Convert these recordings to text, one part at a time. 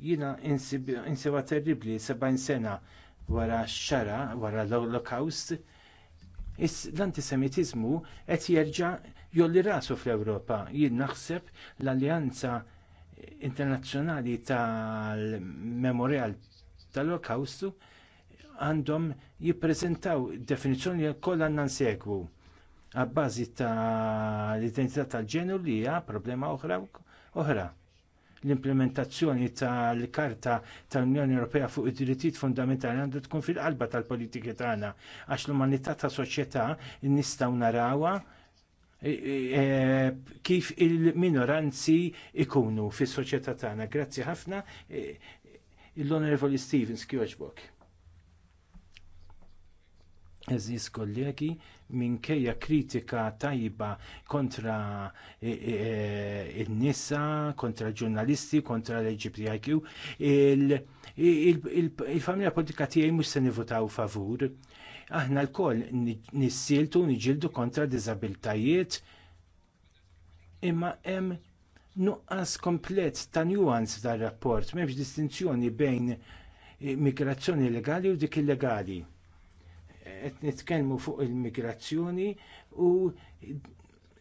Jiena insiba terribli 70 sena wara x-xara, wara l-Holocaust, l-antisemitiżmu qed jerġa' jolli rasu fl-Ewropa. Jien naħseb l-Alleanza Internazzjonali tal-Memorial tal-Olokaustu għandhom jippreżentaw definizzjoni li kollha għandna nsegwu għabbażi tal-identità tal-ġenu li hija problema oħra oħra l-implementazzjoni tal-Karta tal-Unjoni Ewropea fuq id-drittijiet fundamentali għandu tkun fil-qalba tal-politika tagħna għax l-umanità ta' soċjetà nistgħu narawha e, e, e, kif il-minoranzi ikunu fis soċjetà tagħna. Grazzi ħafna l-Onorevoli Stevens Kjoġbok. Eżis kollegi, minkejja kritika tajba kontra in-nisa, e, e, e, kontra ġurnalisti, kontra l-LGBTIQ, il-familja politika tiegħi mhux se nivutaw favur. Aħna lkoll nissiltu niġildu kontra diżabiltajiet imma hemm nuqqas komplett ta' nuance tar rapport, m'hemmx distinzjoni bejn migrazzjoni legali u dik illegali qed nitkellmu fuq il-migrazzjoni u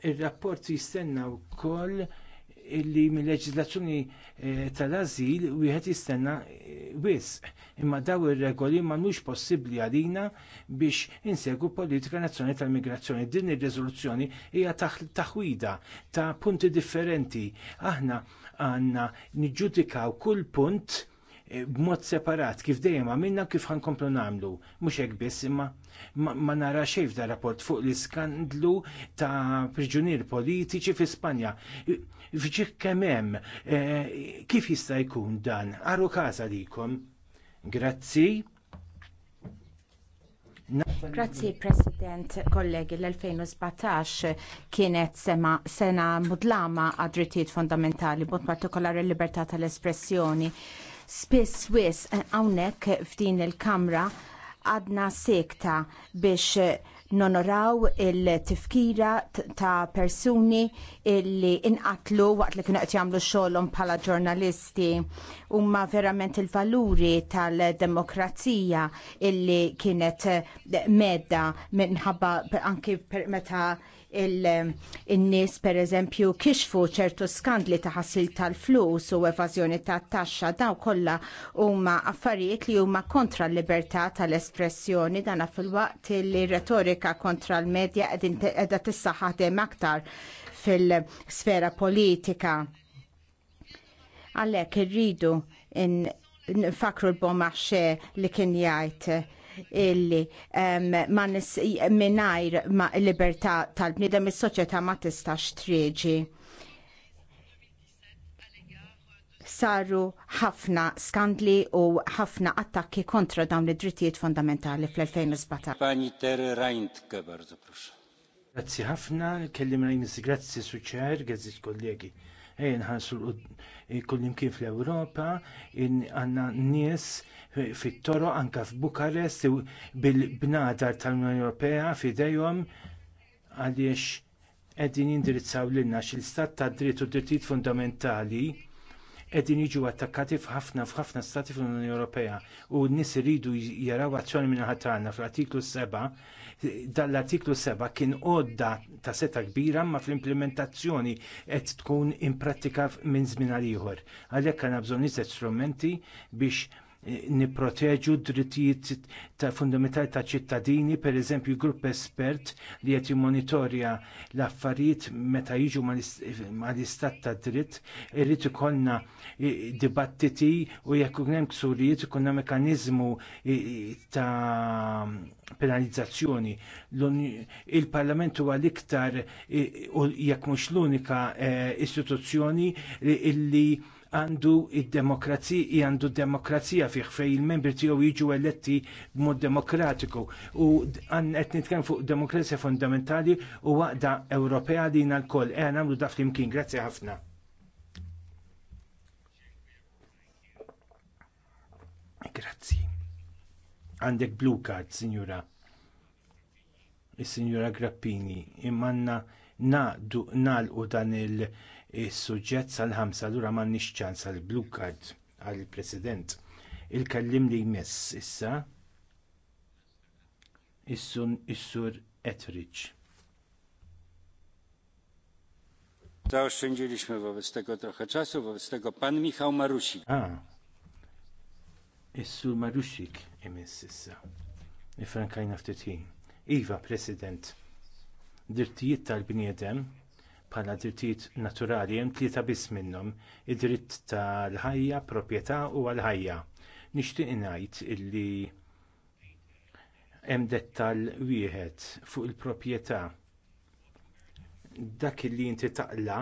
r rapport jistenna wkoll illi mill-leġiżlazzjoni eh, tal-azil wieħed jistenna eh, wisq imma daw ir-regoli m'għandux possibbli għalina biex insegu politika nazzjonali tal-migrazzjoni. Din ir-riżoluzzjoni hija taħwida ta' punti differenti. Aħna għandna niġġudikaw kull punt Eh, b'mod separat kif dejjem għamilna kif ħankomplu nagħmlu. Mhux hekk biss imma ma nara xejn f'da rapport fuq l-iskandlu ta' priġunier politiċi fi Spanja. Fġik kemm hemm eh, kif jista' jkun dan? Aru każa likom. Grazzi. Grazzi President, kollegi, l-2017 kienet sema, sena mudlama għad-drittijiet fondamentali, bot partikolari l-libertà tal-espressjoni. Spiss wis eh, hawnhekk f'din il-kamra għadna sekta biex eh, nonoraw il-tifkira ta' persuni illi inqatlu waqt li kienu qed jagħmlu xogħolhom bħala ġurnalisti huma verament il-valuri tal-demokrazija illi kienet eh, medda minħabba anki meta il-nies per eżempju kixfu ċertu skandli ta' ħassil tal-flus u evażjoni ta' taxxa daw kollha huma affarijiet li huma kontra l-libertà tal-espressjoni dana fil-waqt li retorika kontra l-medja qiegħda tissaħħaħdem aktar fil-sfera politika. Għalhekk irridu in fakru l-bomaxxe li kien jgħid illi mingħajr ma libertà tal bnidem il soċjetà ma tistax triġi. Saru ħafna skandli u ħafna attakki kontra dawn li drittijiet fondamentali fl-2017. Pani Ter Reintke, bardzo proszę. Grazzi ħafna, kellim rajmis, grazzi suċer, grazzi kollegi. Ejn ħansu l kullimkien fl-Ewropa, għandna nies fit-toro anke f'Bukarest bil-bnadar tal-Unjoni Ewropea f'idejhom għaliex qegħdin jindirizzaw lilna xil-istat tad dritt u drittijiet fundamentali qegħdin jiġu attakkati f'ħafna f'ħafna stati fl-Unjoni Ewropea u n-nies iridu jaraw azzjoni minn ħatana fl-artiklu 7 dal-artiklu 7 kien għodda ta' seta kbira ma fl-implementazzjoni qed tkun imprattika minn żmien għal ieħor. Għalhekk għandna bżonn iżgħet strumenti biex Eh, niproteġu drittijiet ta' fundamentali ta' ċittadini, pereżempju grupp espert li qed jimmonitorja l-affarijiet meta jiġu mal-istat ta' dritt, irrit ikollna eh, dibattiti u jekk hemm ksurijiet ikonna mekanizmu eh, ta' penalizzazzjoni. Il-Parlament huwa l-iktar jekk mhux l-unika istituzzjoni illi għandu id-demokrazija għandu demokrazija fih fej il-membri tiegħu jiġu eletti b'mod demokratiku u għan qed nitkellem fuq demokrazija fundamentali u waqda Ewropea li l-koll e nagħmlu da flimkien. Grazzi ħafna. Grazzi. Għandek blue card, signora. Is-signora Grappini, imanna naqdu u dan il- is-suġġett sal-ħamsa lura m'għandniex ċans għal blue card għall-President. Il-kellim li jmiss issa is-sur Etheridge. Zaoszczędziliśmy wobec tego trochę czasu, wobec tego pan Michał Marusik. A, is-sur Marusik imiss issa. Frankajna ftit ħin. Iva, President, dirtijiet tal-bniedem bħala drittijiet naturali hemm tlieta biss minnhom id-dritt tal-ħajja, proprjetà u għall-ħajja. Nixtieq ngħid illi hemm dettall wieħed fuq il-proprjetà. Dak li inti taqla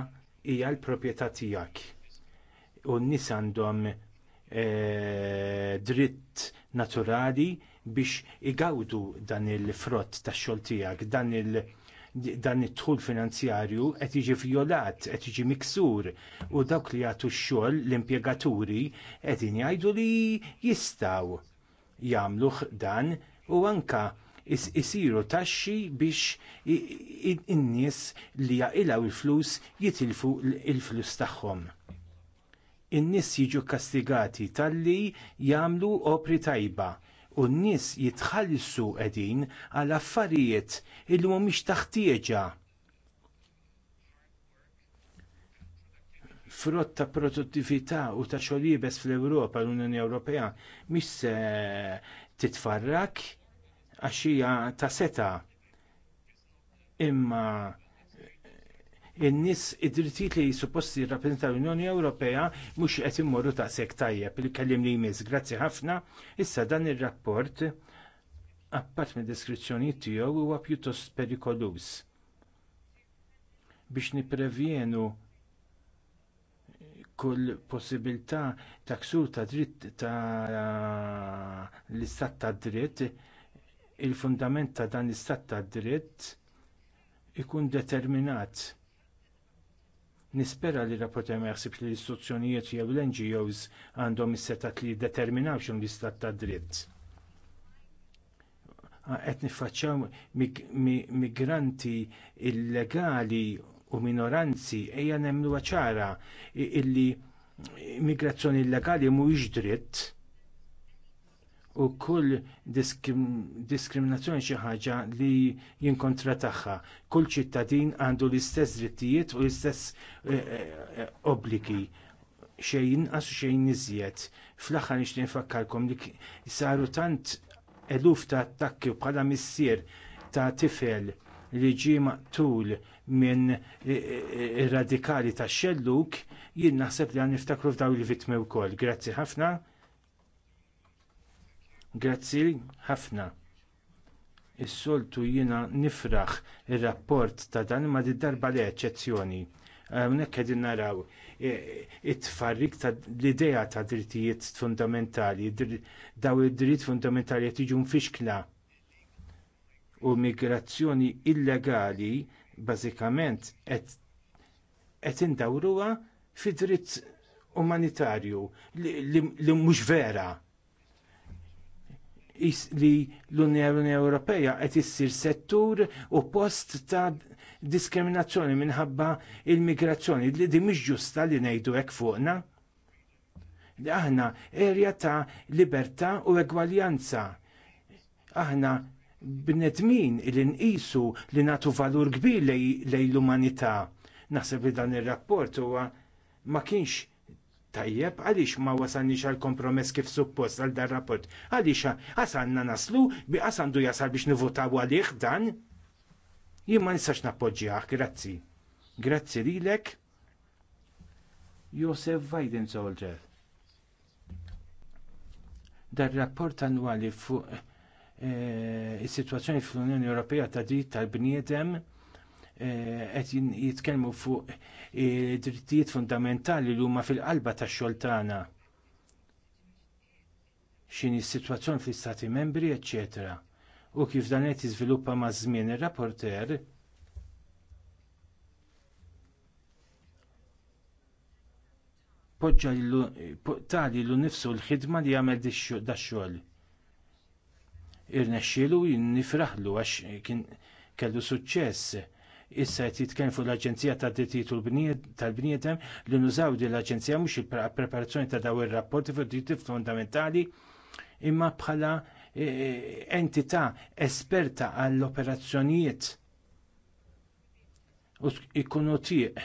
hija l-proprjetà tiegħek. U n-nies għandhom eh, dritt naturali biex igawdu dan il-frott tax-xogħol tiegħek, dan il-, dan id-dħul finanzjarju qed jiġi vjolat, qed jiġi miksur u dawk li jagħtu x-xogħol l-impjegaturi qed jgħidu li jistgħu jagħmluh dan u anke isiru taxxi biex in-nies li jaqilgħu il-flus jitilfu il-flus tagħhom. In-nies jiġu kastigati talli jagħmlu opri tajba u n-nies jitħallsu qegħdin għal affarijiet li mhumiex taħtieġa. Frott ta' produttività u ta' xogħlibes fl-Ewropa l-Unjoni Ewropea mhix se titfarrak għax hija ta' seta' imma in-nies id-drittijiet li supposti jirrappreżentaw l-Unjoni Ewropea mhux qed immorru ta' sek tajjeb li kellim li jmiss. Grazzi ħafna. Issa dan ir-rapport appart mid deskrizzjoni tiegħu huwa pjuttost perikolus biex niprevjenu kull possibilità ta' ksur ta' dritt ta' l-istat ta' dritt il-fundament ta' dan l-istat ta' dritt ikun determinat Nispera li rapporter ma jaħsibx li l-istituzzjonijiet jew l-NGOs għandhom is-setat li jiddeterminaw x'un l-istat ta' dritt. Qed niffaċċjaw migranti illegali u minoranzi ejja nemmlu ċara illi immigrazzjoni illegali mhuwiex dritt u kull diskriminazzjoni xi ħaġa li jinkontra tagħha. Kull ċittadin għandu l-istess drittijiet u l-istess eh, eh, eh, obbligi xejn u xejn iżjed. Fl-aħħar nixtieq nfakkarkom li saru tant eluf ta' attakki bħala missier ta' tifel li ġie maqtul minn radikali tax xelluk, jien naħseb li għan niftakru f'daw il-vitmi wkoll. Grazzi ħafna. Grazzi ħafna. Is-soltu jiena nifraħ ir-rapport ta' dan ma darba li eċċezzjoni. Hawnhekk qegħdin naraw e, it-tfarrik ta' l-idea ta' drittijiet fundamentali, daw id-dritt fundamentali qed jiġu mfixkla u migrazzjoni illegali bażikament qed indawruha fi dritt umanitarju li mhux vera li l-Unjoni Ewropea qed issir settur u post ta' diskriminazzjoni minħabba il-migrazzjoni li di mhix ġusta li ngħidu hekk fuqna. aħna erja ta' libertà u egwaljanza. Aħna bnedmin li nqisu li nagħtu valur kbir lejn l-umanità. Naħseb li dan ir-rapport huwa ma kienx tajjeb għaliex ma wasalniex għal kompromess kif suppost għal dar rapport għaliex għasanna naslu bi għasandu jasal biex nivotaw għalih dan jien ma nistax nappoġġjah grazzi grazzi lilek Josef Biden Soldier dar rapport annwali fuq eh, is-sitwazzjoni fl-Unjoni Ewropea ta' dritt tal-bniedem qed jitkellmu fuq drittijiet fundamentali li huma fil-qalba tax-xogħol tagħna. X'inhi s-sitwazzjoni fl-istati membri, eċċetera. U kif dan qed jiżviluppa maż żmien ir-rapporter poġġa tali l nifsu l-ħidma li jagħmel dax-xogħol. Irnexxielu jinnifraħlu għax kien kellu suċċess issa qed jitkellem fuq l-Aġenzija tad-Drittijiet tal-Bniedem li nużaw din l-Aġenzija mhux il-preparazzjoni ta' daw ir-rapporti fuq Dritti fundamentali imma bħala e, e, entità esperta għall-operazzjonijiet u ikunu tieq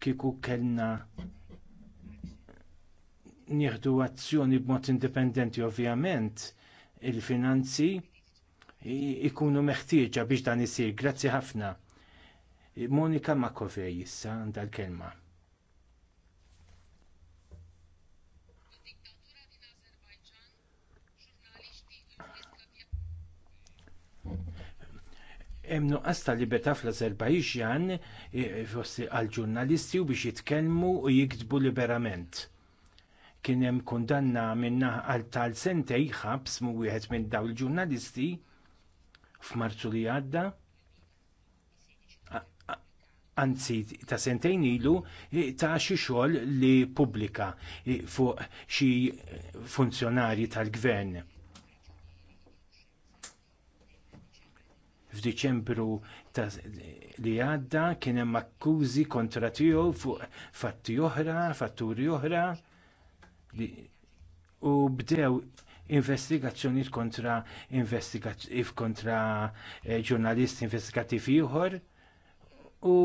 kieku kellna nieħdu azzjoni b'mod indipendenti ovvjament il-finanzi ikunu meħtieġa biex dan isir. Grazzi ħafna. Monika Makovej issa għandha l-kelma. Hemm nuqqas ta' libertà fl azerbajġan eh, eh, fossi għal-ġurnalisti u biex jitkellmu u jiktbu liberament. Kien hemm kundanna minna għal tal sentej ħabs mu wieħed minn dawn il-ġurnalisti f'Marzu li għadda anzi ta' sentejn ilu eh, ta' xi xogħol li pubblika eh, fuq xi funzjonarji tal-gvern. F'Diċembru li għadda kien hemm akkużi kontra tiegħu fuq fatti oħra, fatturi oħra u bdew investigazzjonijiet kontra kontra eh, ġurnalisti investigattivi ieħor u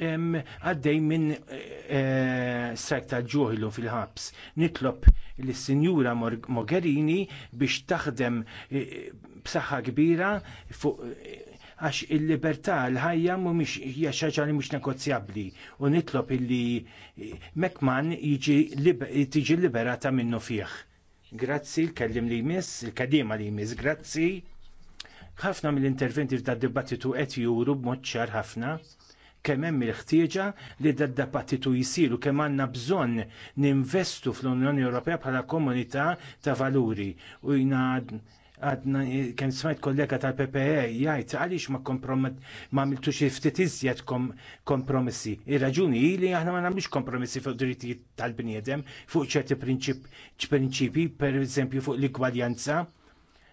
għaddej minn eh, strajk ta' ġuħilu fil-ħabs. Nitlob l-Sinjura Mogherini biex taħdem eh, b'saħħa kbira fuq eh, għax il-libertà l-ħajja mhumiex hija xi ħaġa li mhux negozjabbli u nitlob illi Mekman tiġi liberata minnu fih. Grazzi, il-kellim li jmiss, il-kadima li jmiss, grazzi ħafna mill-interventi f'da dibattitu qed juru b'mod ċar ħafna kemm hemm il-ħtieġa li dad dibattitu jisiru kemm għandna bżonn ninvestu fl-Unjoni Ewropea bħala komunità ta' valuri u jina għadna kemm smajt kollega tal-PPE jgħid għaliex ma kompromet ma għamiltux ftit iżjed kompromissi. Ir-raġuni hi li aħna ma nagħmlux kompromissi fuq drittijiet tal-bniedem fuq ċerti prinċipji, per eżempju fuq l-igwaljanza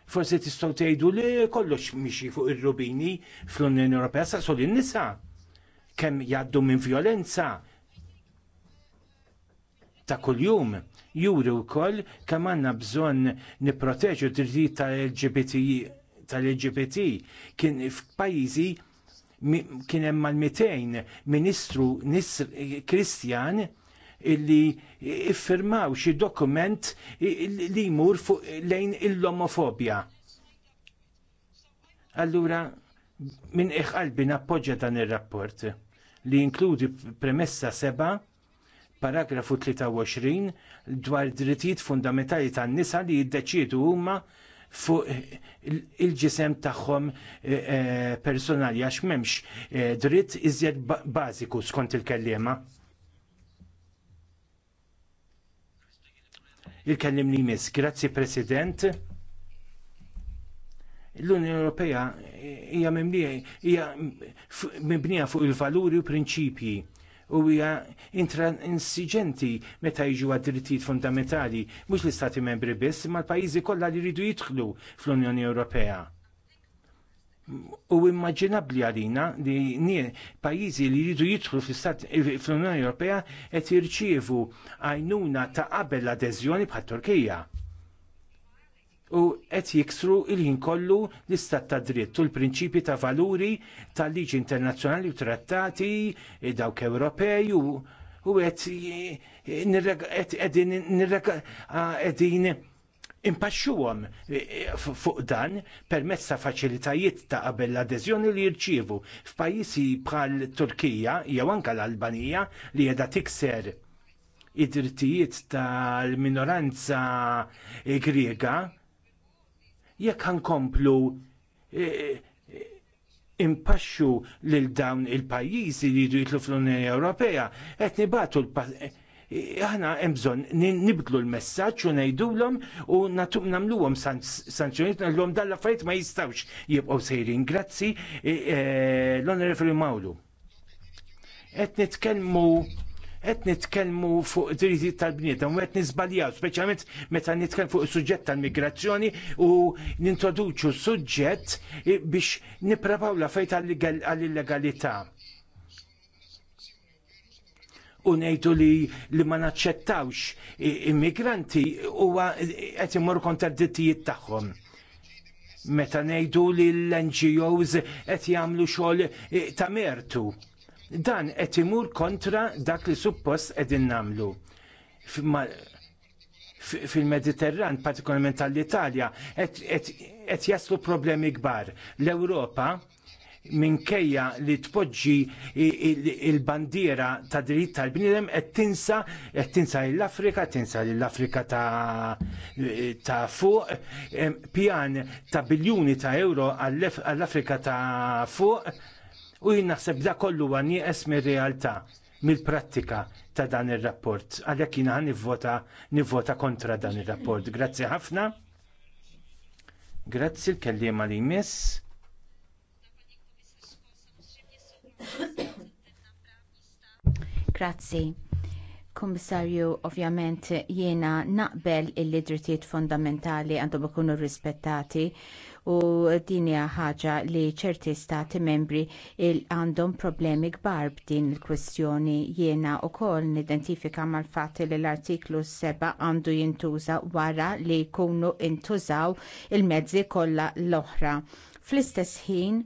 Forsi tistgħu tgħidu li kollox mixi fuq ir-rubini fl-Unjoni Ewropea saqsu in nisa kemm jgħaddu minn vjolenza ta' kuljum juri wkoll kemm għandna bżonn nipproteġu d drittijiet tal-LGBT tal-LGBT kien f'pajjiżi kien hemm mal-200 ministru Kristjan illi iffirmaw xi dokument li jmur lejn l-omofobja. Allura, minn iħqalbi nappoġġa dan ir-rapport li jinkludi premessa seba' paragrafu 23 dwar drittijiet fundamentali tan-nisa li jiddeċiedu huma fuq il-ġisem tagħhom e, e, personali għax m'hemmx e, dritt iżjed bażiku skont il-kellima. il-kellim li jmiss. Grazzi President. L-Unjoni Ewropea hija hija mibnija fuq il-valuri u prinċipji u hija intransiġenti meta jiġu għad-drittijiet fundamentali mhux l-istati membri biss, ma l-pajjiżi kollha li jridu jidħlu fl-Unjoni Ewropea u immaġinabbli għalina li nie pajjiżi li jridu jidħlu fl-Unjoni Ewropea qed jirċievu għajnuna ta' qabel l-adeżjoni bħat Turkija. U qed jiksru il-ħin kollu l-istat ta' dritt u l-prinċipji ta' valuri tal-liġi internazzjonali u trattati e, dawk Ewropej u e, qed qegħdin impaxxuhom eh, eh, fuq dan permezz ta' faċilitajiet ta' qabel l-adeżjoni li jirċievu f'pajjiżi bħal Turkija jew anke l-Albanija li qiegħda tikser id-drittijiet tal-minoranza eh, Griega jekk ħankomplu impaxxu lil dawn il-pajjiżi li jridu jitlu fl-Unjoni Ewropea qed nibatu l aħna hemm bżonn nibdlu l-messaġġ u ngħidulhom u nagħmluhom sanzjonijiet nagħmluhom dan l-affarijiet ma jistgħux jibqgħu sejrin. Grazzi e, e, l-Onorevoli Mawlu. Qed nitkellmu qed nitkellmu fuq dritti tal bniet u qed nisbaljaw, speċjalment meta nitkellmu fuq is-suġġett tal-migrazzjoni u nintroduċu suġġett biex nippravaw la fejt għall-illegalità u ngħidu li li ma naċċettawx immigranti huwa qed imur kontra d-dittijiet tagħhom. Meta ngħidu li l-NGOs qed jagħmlu xogħol e, ta' mertu. Dan qed imur kontra dak li suppost qegħdin nagħmlu fil-Mediterran, partikolarment tal-Italja, qed jaslu problemi kbar. L-Ewropa minkejja li tpoġġi il-bandiera ta' dritt tal-bniedem qed tinsa qed tinsa l-Afrika, tinsa l-Afrika ta' fuq pjan ta' biljuni ta' euro għall-Afrika ta' fuq u jien naħseb da kollu għannieqes mir-realtà mill-prattika ta' dan ir-rapport. Għalhekk jiena nivvota nivvota kontra dan ir-rapport. Grazzi ħafna. Grazzi l kelliema li jmiss. Grazzi. Kummissarju, ovvjament jiena naqbel il-drittijiet fondamentali għandhom ikunu rispettati u din hija ħaġa li ċerti stati membri għandhom problemi kbar b'din il-kwestjoni jiena wkoll nidentifika mal-fatt li l-artiklu 7 għandu jintuża wara li jkunu intużaw il-mezzi kollha l-oħra. Fl-istess ħin,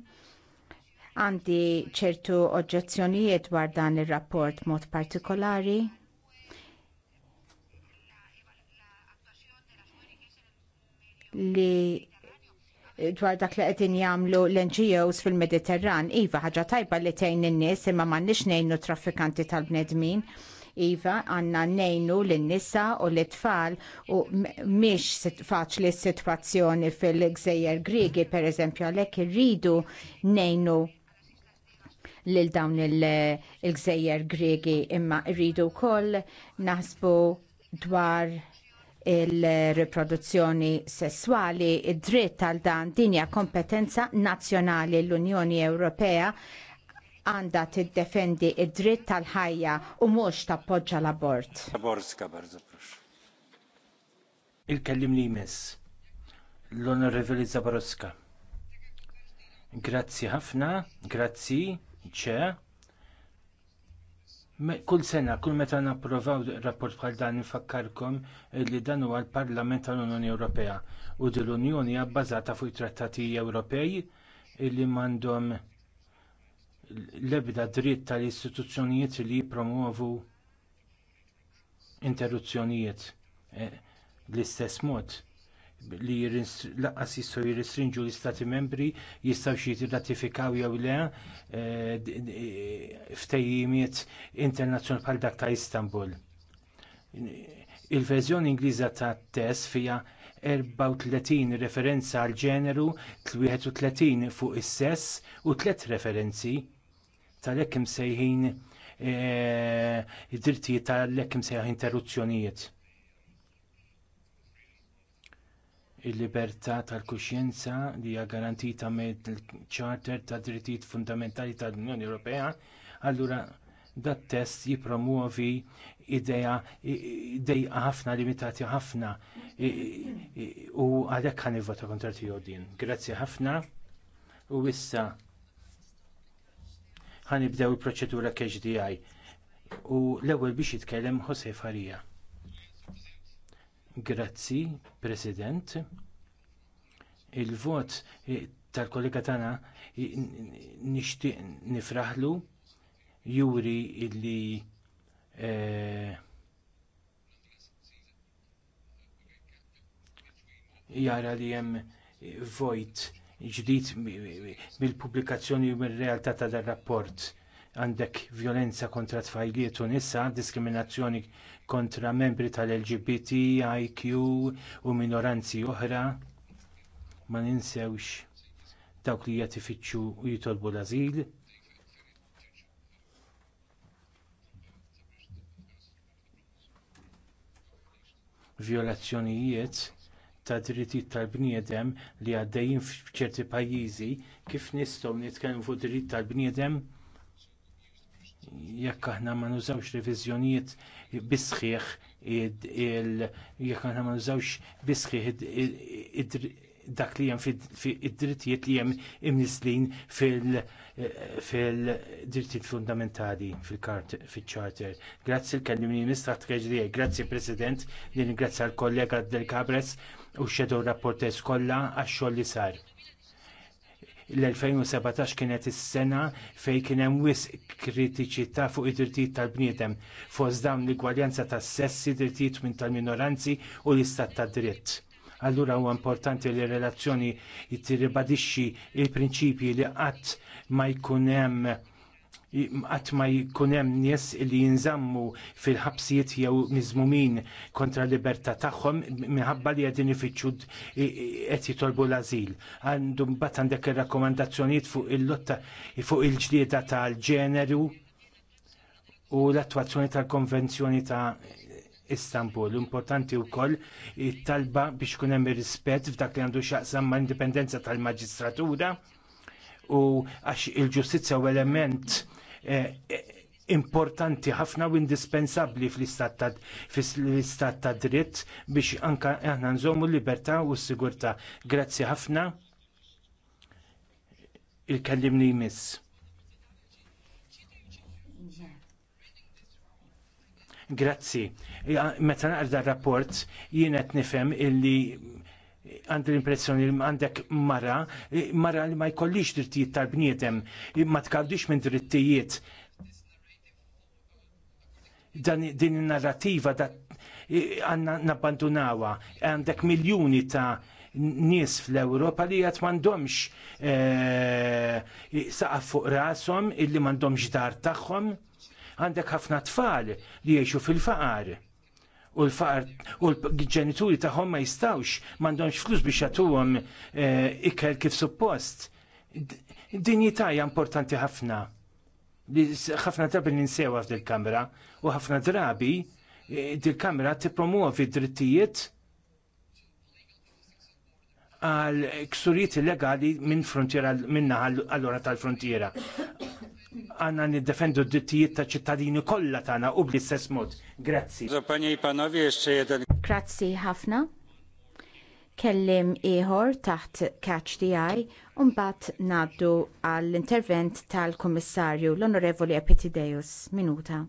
Għandi ċertu oġġezzjonijiet dwar dan ir-rapport mod partikolari. Li dwar dak li qegħdin jagħmlu l-NGOs fil-Mediterran. Iva ħaġa tajba li tgħin in-nies imma m'għandniex ngħinu traffikanti tal-bnedmin. Iva għandna ngħinu lin-nisa u l-tfal u mhix faċli s-sitwazzjoni fil-Gżejjer per pereżempju għalhekk irridu ngħinu lil dawn il-gżejjer Gregi imma rridu wkoll naħsbu dwar il-riproduzzjoni sessuali, id-dritt għal dan dinja kompetenza nazzjonali l-Unjoni Ewropea għanda tiddefendi id-dritt tal-ħajja u mhux tappoġġa l-abort. Zaborska bardzo Il-kellim li jmess, l-Onorevoli Zaborska. Grazzi ħafna, grazzi ċe, kull sena, kull meta napprovaw rapport bħal dan nifakkarkom li dan huwa l-Parlament tal-Unjoni Ewropea u din l-Unjoni hija bbażata fuq trattati Ewropej li m'għandhom l-ebda dritt tal-istituzzjonijiet li jippromuovu interruzzjonijiet eh, l-istess mod li laqqas jistgħu jirrestrinġu l-istati membri jistgħu xi jirratifikaw jew le eh, eh, ftejjimiet internazzjonali bħal dak ta' Istanbul. Il-verżjoni Ingliża tat test fiha 34 referenza għal ġeneru, 31 fuq is-sess u tliet referenzi tal-hekk imsejħin eh, id-drittijiet tal-hekk imsejħa interruzzjonijiet. il-libertà tal-kuxjenza li hija garantita mill-Charter tad Drittijiet Fundamentali tal-Unjoni Ewropea, allura dat test jippromuovi idea dejqa ħafna limitati ħafna u għalhekk ħan nivvota kontra tiegħu din. Grazzi ħafna u issa ħanibdew il-proċedura KHDI u l-ewwel biex jitkellem Jose Farija. Grazzi, President. Il-vot tal-kollega tagħna nixtieq nifraħlu juri illi eh, jara li hemm vojt ġdid mill-pubblikazzjoni u mir-realtà tal-rapport għandek vjolenza kontra tfajliet u nisa, diskriminazzjoni kontra membri tal-LGBT, IQ u minoranzi oħra. Ma ninsewx dawk li jagħti u jitolbu l-azil. Vjolazzjonijiet ta' drittijiet tal-bniedem li għaddejjin f'ċerti pajjiżi kif nistgħu nitkellmu fuq dritt tal-bniedem jekk aħna ma nużawx reviżjonijiet bisħieħ jekk aħna ma nużawx bisħieħ dak li hemm id-drittijiet li hemm imnislin fil-drittijiet fundamentali fil-charter. Grazzi l-kellimni nista' treġrija, grazzi President, li ringrazzja l-kollega Del Cabres u x-shadow kollha għax-xogħol li sar l-2017 kienet is-sena fejn kien hemm wisq kritiċità fuq id-drittijiet tal-bniedem fost dawn l-igwaljanza tas-sessi, drittijiet minn tal-minoranzi u l-istat tad dritt. Allura huwa importanti li r-relazzjoni tirribadixxi l prinċipji li qatt ma jkun hemm għat ma jkun hemm nies li jinżammu fil-ħabsijiet jew miżmumin kontra l-libertà tagħhom minħabba li qegħdin ifittxu qed jitolbu l-ażil. Għandu mbagħad għandek ir-rakkomandazzjonijiet fuq il-lotta fuq il-ġlieda tal-ġeneru u l-attwazzjoni tal-konvenzjoni ta' Istanbul. Importanti wkoll it-talba biex kun hemm ir-rispett f'dak li għandu x'jaqsam ma' indipendenza tal-maġistratura u għax il-ġustizzja u element Eh, importanti ħafna u indispensabbli fl-istat ta' dritt biex anka aħna nżommu l-libertà u s-sigurtà. Grazzi ħafna il-kellimni jmiss. Grazzi. Meta naqra rapport jien qed nifhem illi għand l-impressjoni li għandek mara, eh, mara li ma jkollix drittijiet tal bnietem eh, ma tkawdix minn drittijiet. Dan din narrativa da eh, għanna nabbandunawa, għandek miljoni ta' nies fl-Ewropa li għat mandomx saqaf fuq rasom, illi mandomx dar taħħom, għandek ħafna tfal li jiexu fil-faqar u l-faqar u l-ġenituri tagħhom ma jistawx m'għandhomx flus biex jagħtuhom eh, ikel kif suppost. Dinjità hija importanti ħafna. Ħafna drabi ninsewa f'dil kamra u ħafna drabi eh, dil kamra tippromuovi drittijiet għal ksurijiet illegali minn frontiera minna għall-ora tal-frontiera għanna niddefendu d-dittijiet ta' ċittadini kollha tagħna u bl-istess mod. Grazzi. Grazzi ħafna. Kellim ieħor taħt Catch the Eye u naddu ngħaddu għall-intervent tal-Kummissarju l-Onorevoli Epitideus. Minuta.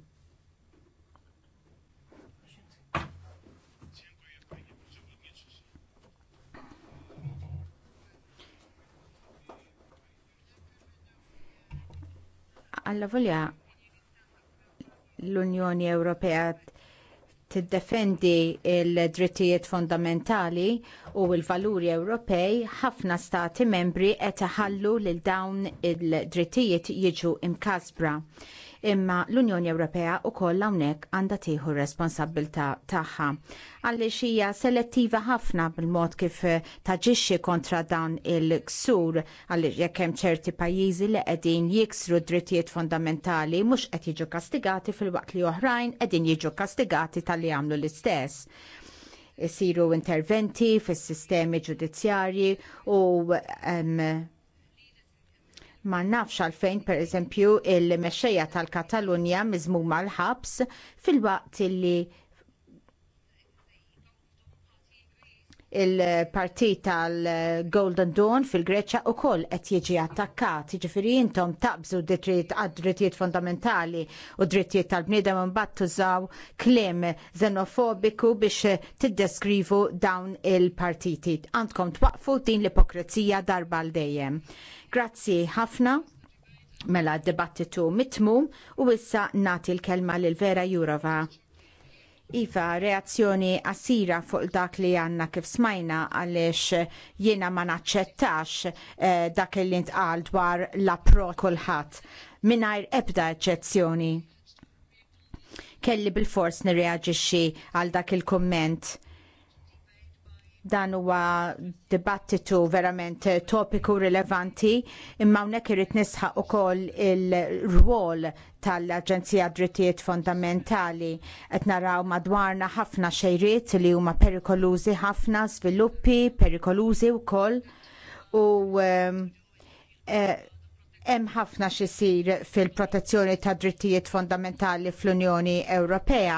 Alla volja l-Unjoni Ewropea tiddefendi l drittijiet fondamentali u l-valuri Ewropej, ħafna stati membri qed iħallu lil dawn il-drittijiet jiġu imkasbra imma l-Unjoni Ewropea wkoll hawnhekk għandha tieħu r responsabilta tagħha. Għaliex hija selettiva ħafna bil-mod kif taġixxi kontra dan il-ksur għaliex jekk hemm ċerti pajjiżi li qegħdin jiksru drittijiet fondamentali mhux qed jiġu kastigati fil-waqt li oħrajn qegħdin jiġu kastigati tal-li jagħmlu l-istess isiru interventi fis sistemi ġudizzjarji u um, Ma nafx għalfejn per eżempju il-mexxejja tal-Katalunja miżmuma l-ħabs fil-waqt li il-partit tal-Golden Dawn fil-Greċja u koll qed jiġi attakkat. Jiġifieri intom taqbżu drittijiet fundamentali u drittijiet tal-bniedem battu zaw kliem xenofobiku biex tiddeskrivu dawn il-partiti. Għandkom twaqfu din l-ipokrezija darba l dejjem. Grazzi ħafna mela d debattitu mitmum u issa nagħti l-kelma l Vera Jurova. Iva, reazzjoni asira fuq dak li għanna kif smajna għalix jiena ma naċċettax eh, dak li ntqal dwar l-appro kulħadd minnajr ebda eċċezzjoni. Kelli bil-fors nirreaġixxi għal dak il-komment dan huwa dibattitu verament topiku rilevanti imma hawnhekk irid nisħaq ukoll il-rwol tal-Aġenzija Drittijiet Fondamentali qed naraw madwarna ħafna xejriet li huma perikolużi ħafna, sviluppi perikolużi wkoll u, ehm, eh, Hemm ħafna xisir fil-protezzjoni ta' drittijiet fondamentali fl-Unjoni Ewropea.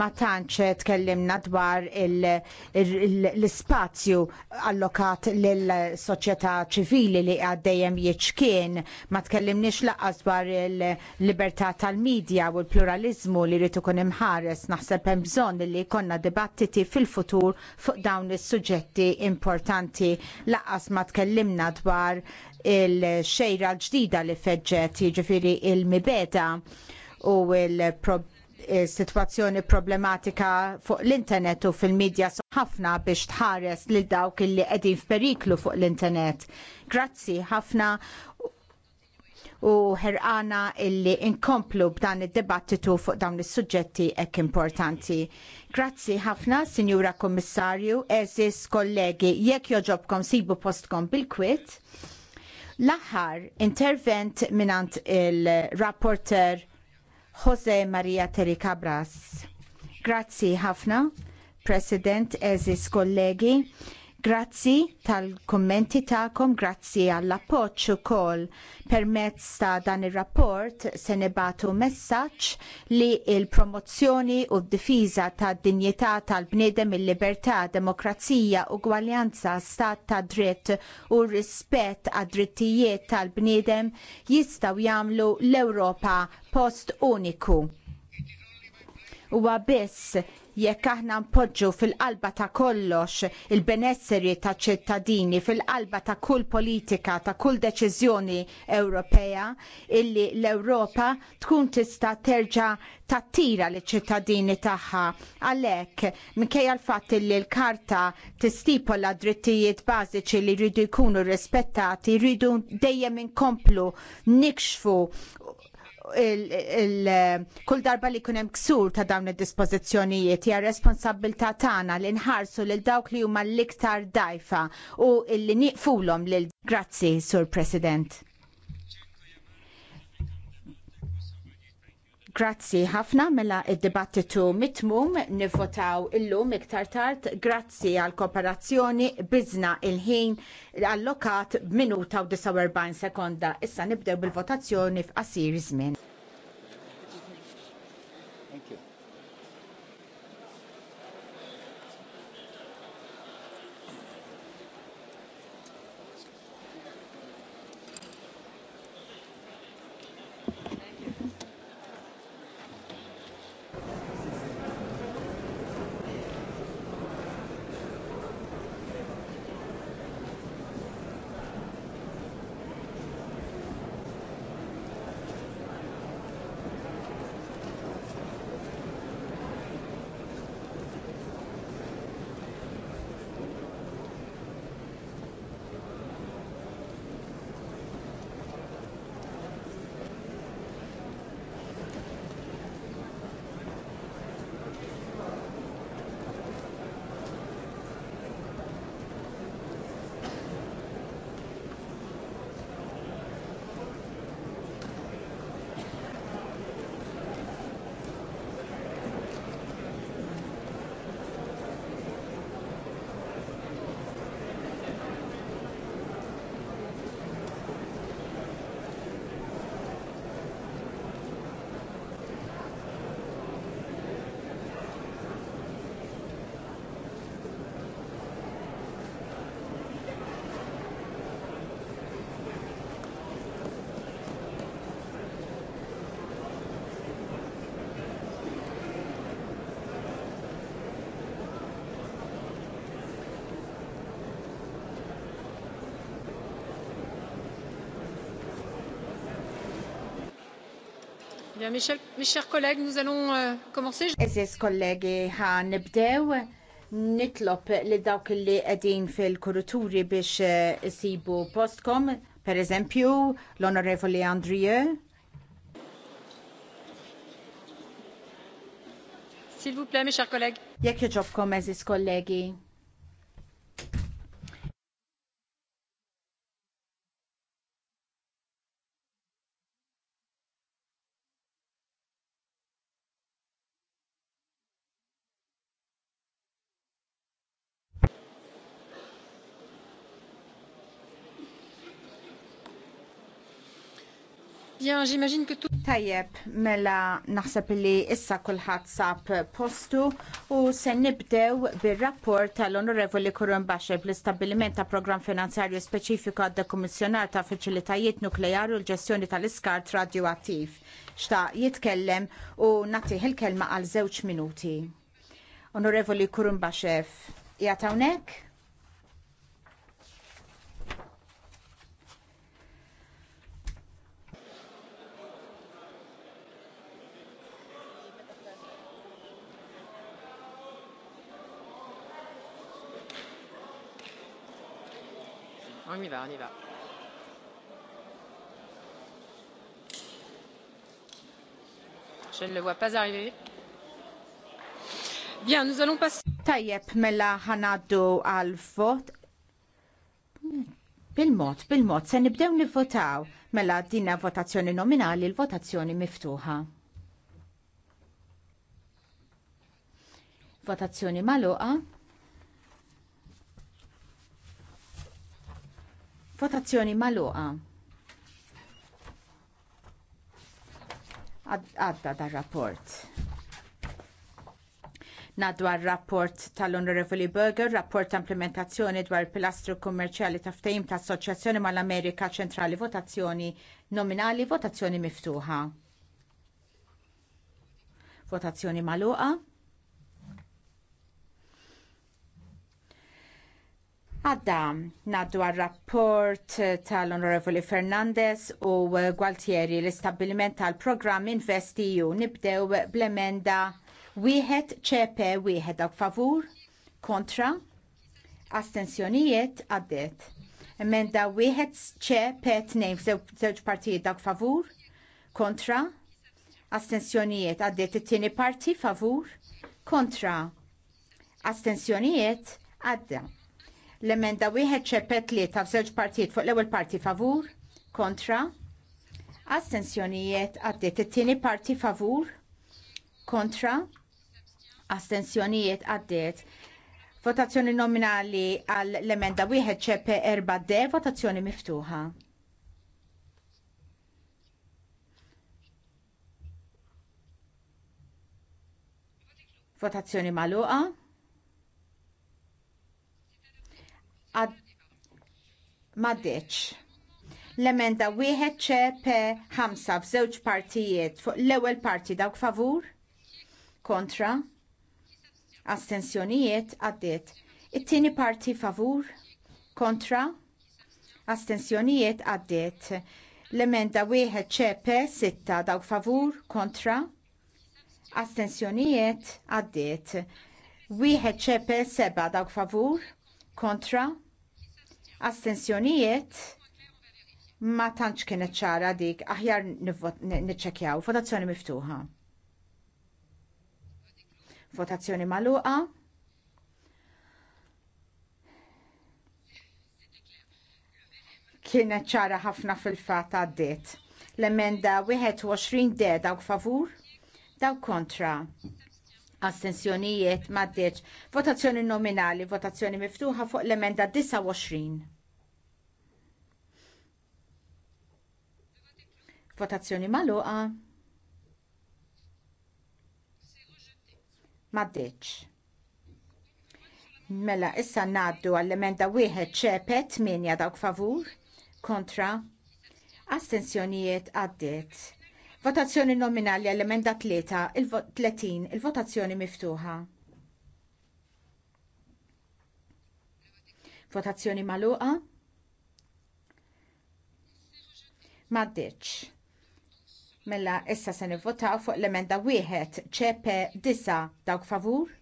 Ma tantx tkellimna dwar l-ispazju allokat lill-soċjetà ċivili li għaddejjem jiċkien. Ma tkellimniex laqas dwar il-libertà tal-medja u l-pluralizmu li rrid ikun imħares naħseb hemm bżonn li jkollna dibattiti fil-futur fuq dawn is-suġġetti importanti. Laqas ma tkellimna dwar il-xejra l-ġdida li feġġet jiġifieri il-mibeda u l il situazzjoni problematika fuq l-internet u fil-medja ħafna biex tħares lil dawk li qegħdin f'periklu fuq l-internet. Grazzi ħafna u ħerqana illi inkomplu b'dan id-dibattitu fuq dawn is-suġġetti hekk importanti. Grazzi ħafna, Sinjura Kommissarju, eżis kollegi, jekk joġobkom sibu postkom bil-kwit. L-aħħar intervent minant il-rapporter Jose Maria Teri Cabras. Grazzi ħafna, President, eżis kollegi Grazzi tal-kommenti ta'kom, grazzi għall-appoċ ukoll permezz ta' dan ir-rapport se nebatu messaġġ li l-promozzjoni u d-difiża tad dinjità tal-bniedem il-libertà, demokrazija, ugwaljanza, stat ta' dritt u rispett għad drittijiet tal-bniedem jistgħu jagħmlu l-Ewropa post uniku. Huwa biss jekk aħna npoġġu fil-qalba ta' kollox il-benesseri ta' ċittadini, fil-qalba ta' kull politika, ta' kull deċiżjoni Ewropea, illi l-Ewropa tkun tista' terġa' tattira li ċittadini tagħha. Għalhekk, minkejja l-fatt li l-karta tistipola drittijiet bażiċi li jridu jkunu rispettati, jridu dejjem inkomplu nikxfu kull darba li jkun hemm ksur ta' dawn id dispozizjonijiet hija responsabilità tagħna li nħarsu lil dawk li huma l-iktar dajfa u li nieqfulhom lil grazzi sur President. Grazzi ħafna mela id-dibattitu mitmum nivvotaw illum iktar tard. Grazzi għal kooperazzjoni bizna il-ħin allokat minuta u 49 sekonda. Issa nibdew bil-votazzjoni f'qasir żmien. Bien, mes chers collègues, nous allons euh, commencer. Eżis kollegi ħa nibdew nitlob li dawk li qegħdin fil-kuruturi biex eh, isibu postkom, per eżempju l-Onorevoli Andrieu. S'il vous plaît, mes chers collègues. Jekk joġobkom eżis kollegi. Bien, j'imagine que tout... Tajjeb, mela naħseb li issa kulħadd sab postu u se nibdew bir-rapport tal-Onorevoli Kurun Baxer bl-istabbiliment ta' programm finanzjarju speċifiku għad dekommissjonar ta' faċilitajiet nukleari u l-ġestjoni tal-iskart radioattiv. Xta' jitkellem u natih il-kelma għal żewġ minuti. Onorevoli Kurun Baxer, jgħatawnek? On y va, on y va. Je ne le vois pas arriver. Bien, nous allons passer. Tajjeb mela ħanaddu għal vot. Bil-mod, bil-mod, se nibdew nivvotaw mela dinna votazzjoni nominali l-votazzjoni miftuħa. Votazzjoni maluqa. Votazzjoni maluqa. Għadda da rapport. Naddu għal rapport tal-Onorevoli Berger, rapport ta' implementazzjoni dwar pilastru kummerċjali ta' ftehim ta' Assoċjazzjoni mal-Amerika Ċentrali Votazzjoni Nominali Votazzjoni Miftuħa. Votazzjoni maluqa. Għadda, naddu għal rapport tal-Onorevoli Fernandez u eh, Gualtieri l-istabbiliment tal-programm InvestEU nibdew bl-emenda wieħed ċepe wieħed għak favur, kontra, astensjonijiet għaddet. Emenda wieħed ċepe tnejn f'żewġ partijiet dak favur, kontra, astensjonijiet għaddet it-tieni parti favur, kontra, astensjonijiet għadda L-emenda wieħed ċepet li ta' żewġ partijiet fuq l-ewwel parti favur, kontra. Astensjonijiet għaddiet it-tieni parti favur, kontra. Astensjonijiet għaddiet. Votazzjoni nominali għall l-emenda wieħed ċepe 4D, votazzjoni miftuħa. Votazzjoni maluqa. maddeċ. L-emenda wieħed ċepe ħamsa f'żewġ partijiet fuq l-ewwel parti dawk favur, kontra, astensjonijiet għaddiet. It-tieni parti favur, kontra, astensjonijiet għaddiet. L-emenda wieħed ċepe sitta dawk favur, kontra, astensjonijiet għaddiet. Wieħed ċepe seba dawk favur, kontra astensjonijiet ma tantx kienet ċara dik aħjar niċċekjaw votazzjoni miftuħa. Votazzjoni magħluqa. Kienet ċara ħafna fil fat għaddiet. L-emenda 21 de dawk favur, dawk kontra. Astenzjonijiet, maddeċ. Votazzjoni nominali, votazzjoni miftuħa fuq l-emenda 29. Votazzjoni maluqa. Maddeċ. Mela, issa naddu għall-emenda wieħed ċepet minja dawk favur, kontra, astenzjonijiet għaddiet Votazzjoni nominali għall-emenda 3, il-30, il-votazzjoni miftuħa. Votazzjoni maluqa. Maddiċ. Mella issa se nivvotaw fuq l-emenda wieħed ċepe 9 dawk favur?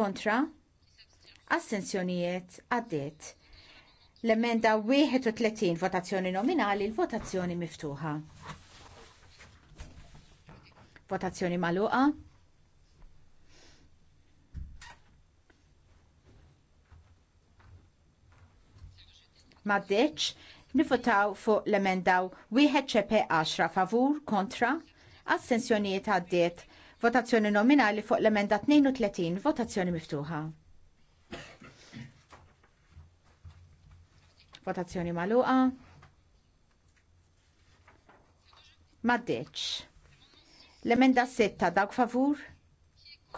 Kontra? Assenzjonijiet għaddiet. L-emenda 31 votazzjoni nominali, l-votazzjoni miftuħa. Votazzjoni maluqa. Maddeċ, nifutaw fuq l-emendaw wieħed ċepe 10 favur kontra assenzjonijiet għaddiet. Votazzjoni nominali fuq l-emenda 32, votazzjoni miftuħa. Votazzjoni maluqa. Maddeċ. L-emenda setta dawk favur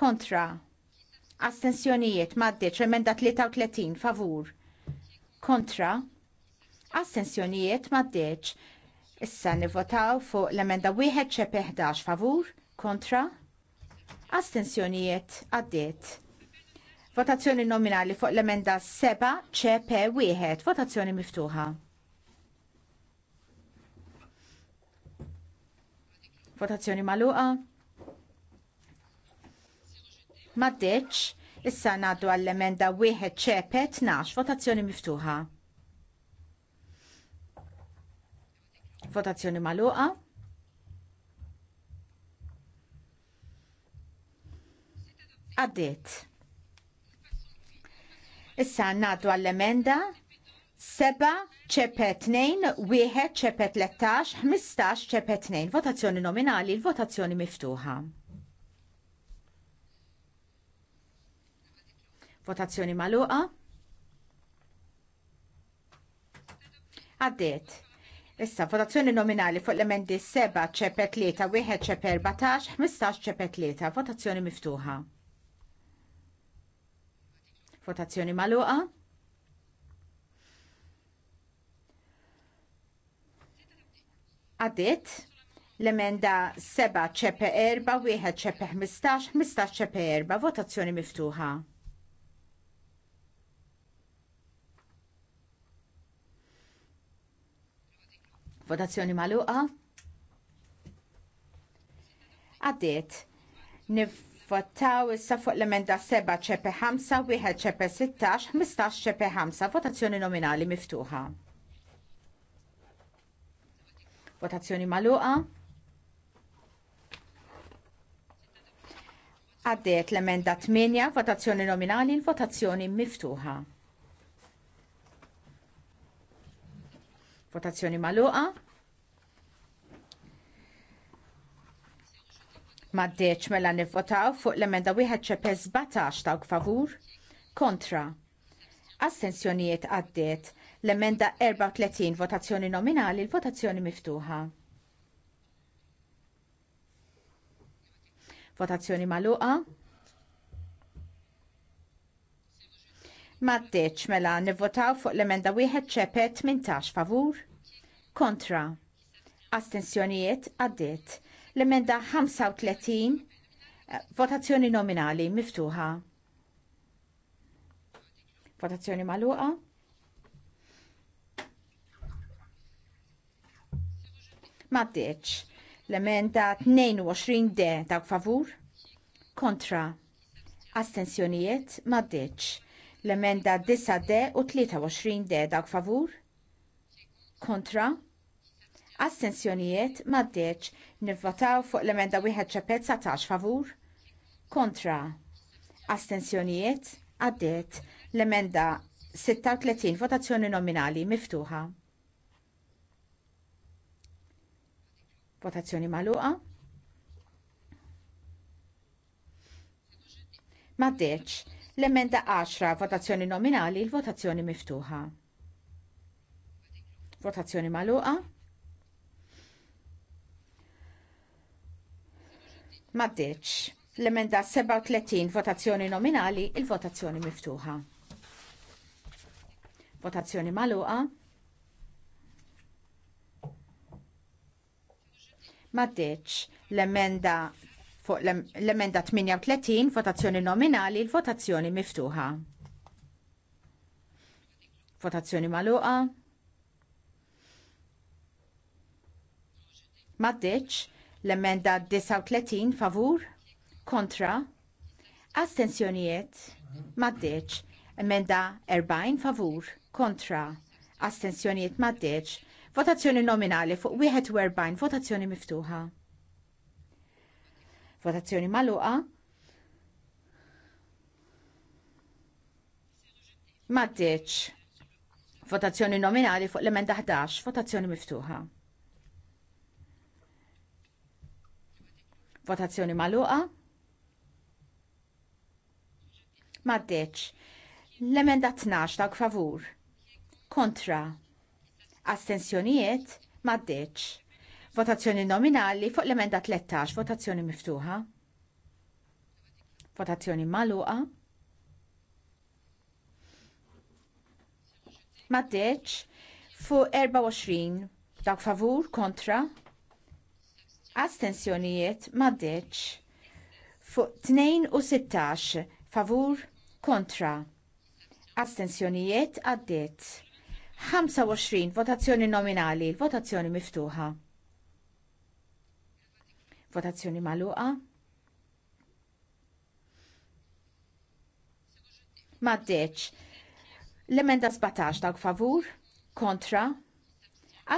kontra astensjonijiet maddeċ emenda 33 favur kontra astensjonijiet maddeċ issa nivvotaw fuq l-emenda 1 ċep 11 favur kontra astensjonijiet għaddiet votazzjoni nominali fuq l-emenda 7 ċep 1 votazzjoni miftuħa Votazzjoni maluqa. Maddeċ. Issa naddu għall-emenda wieħed ċepe 12 votazzjoni miftuħa. Votazzjoni maluqa. Għaddit. Issa naddu għall-emenda Seba ċepet 2, wieħed ċepet 13, 15 ċepet 2. Votazzjoni nominali, votazzjoni miftuħa. Votazzjoni maluqa. Għaddiet. Issa, votazzjoni nominali fuq l-emendi 7 ċepet 3, 1 ċepet 14, 15 ċepet 3. Votazzjoni miftuħa. Votazzjoni maluqa. għaddiet l-emenda 7 ċepe 4, 1 ċepe 15, 15 ċepe 4, votazzjoni miftuħa. Votazzjoni maluqa? Għaddiet. Nivvotaw issa fuq l-emenda 7 ċepe 5, 1 ċepe 16, 15 ċepe 5, votazzjoni nominali miftuħa. Votazzjoni maluqa. Għaddiet l-emenda 8, votazzjoni nominali, votazzjoni miftuħa. Votazzjoni maluqa. Maddeċ mela nivvotaw fuq l-emenda 1 ċepes 17 ta' favur. Kontra. astenzjonijiet għaddiet L-emenda 34 votazzjoni nominali, il-votazzjoni miftuħa. Votazzjoni maluqa. Maddeċ mela nivvotaw fuq l-emenda wieħed ċepet 18 favur. Kontra. Astensjonijiet għaddiet. L-emenda 35 votazzjoni nominali miftuħa. Votazzjoni maluqa. Maddeċ. L-emenda 22 de dawk favur. Kontra. Astensjonijiet maddeċ. L-emenda 9 de u 23 de dawk favur. Kontra. Astensjonijiet maddeċ. Nivvotaw fuq l-emenda 1 ċepet 19 favur. Kontra. Astensjonijiet għaddiet l-emenda 36 votazzjoni nominali miftuħa. Votazzjoni maluqa. Maddeċ, l-emenda 10, votazzjoni nominali, l votazzjoni miftuħa. Votazzjoni maluqa. Maddeċ, l-emenda 37, votazzjoni nominali, il-votazzjoni miftuħa. Votazzjoni maluqa. Maddeċ l-emenda l-emenda 38 votazzjoni nominali l-votazzjoni miftuħa. Votazzjoni maluqa. Maddeċ l-emenda 39 favur kontra astensjonijiet maddeċ emenda 40 favur kontra astensjonijiet maddeċ Votazzjoni nominali fuq 41, votazzjoni miftuħa. Votazzjoni maluqa. Maddiċ. Votazzjoni nominali fuq l-emenda 11, votazzjoni miftuħa. Votazzjoni maluqa. Maddiċ. L-emenda 12 dawk favur. Kontra astensjonijiet maddeċ. Votazzjoni nominali fuq l-emenda 13, votazzjoni miftuħa. Votazzjoni maluqa. Maddeċ fuq 24, dak favur, kontra. Astensjonijiet maddeċ fuq 2 favur, kontra. Astensjonijiet għaddiet 25 votazzjoni nominali, votazzjoni miftuħa. Votazzjoni maluqa. Maddeċ. L-emenda 17 dawk favur, kontra,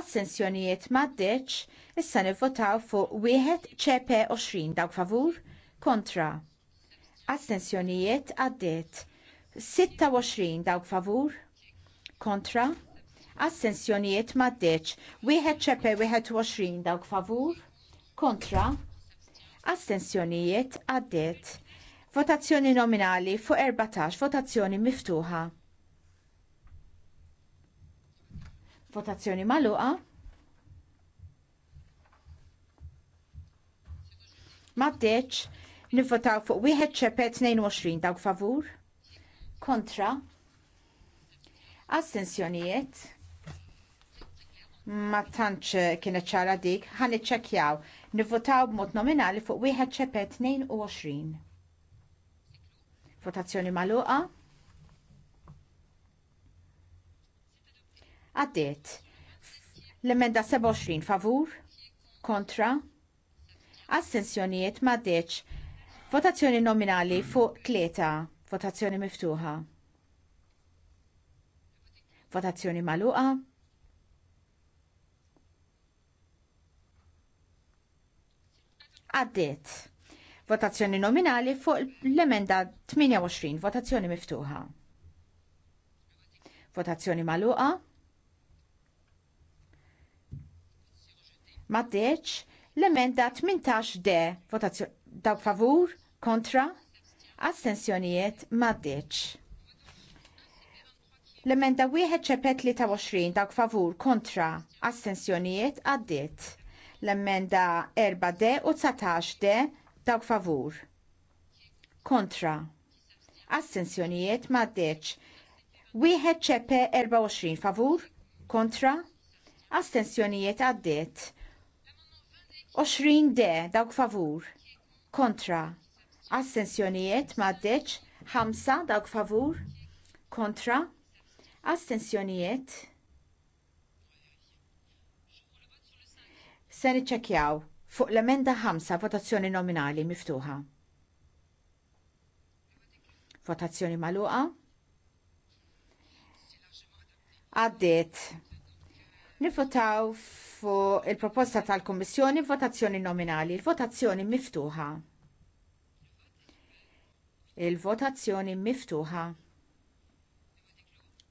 assenzjonijiet maddeċ, issa nivvotaw fuq wieħed ċP 20 dawk favur, kontra. assenzjonijiet għaddiet 26 dawk favur, kontra, Assenzjonijiet maddeċ. Wieħed ċepe 21 dawk favur. Kontra. Assenzjonijiet għaddiet. Votazzjoni nominali fuq 14. Votazzjoni miftuħa. Votazzjoni maluqa. Maddeċ. Nifotaw fuq wieħed ċepe 22 dawk favur. Kontra. Astensjonijiet ma tantx eh, kienet ċara dik, ħan iċċekjaw. Nivvotaw b'mod nominali fuq wieħed ċepet 22. Votazzjoni magħluqa. Għaddiet. L-emenda 27 favur, kontra, astensjonijiet ma Votazzjoni nominali fuq tlieta. Votazzjoni miftuħa. Votazzjoni magħluqa. għaddiet. Votazzjoni nominali fuq l-emenda 28, votazzjoni miftuħa. Votazzjoni maluqa. Maddeċ, l-emenda 18 d votazzjoni dawk favur, kontra, astensjonijiet maddeċ. L-emenda wieħed ċepet 23 dawk favur kontra astensjonijiet għaddiet l-emenda 4D u 19D dawk favur. Kontra. Astensjonijiet maddeċ. Wieħed ċepe 24 favur. Kontra. Astensjonijiet għaddiet. 20 de dawk favur. Kontra. Astensjonijiet maddeċ 5 dawk favur. Kontra. Astensjonijiet Se niċċekkjaw fuq l-emenda 5 votazzjoni nominali miftuħa. Votazzjoni magħluqa. Għaddiet. Nivvotaw fuq il-proposta tal-Kummissjoni votazzjoni nominali, il-votazzjoni miftuħa. Il-votazzjoni miftuħa.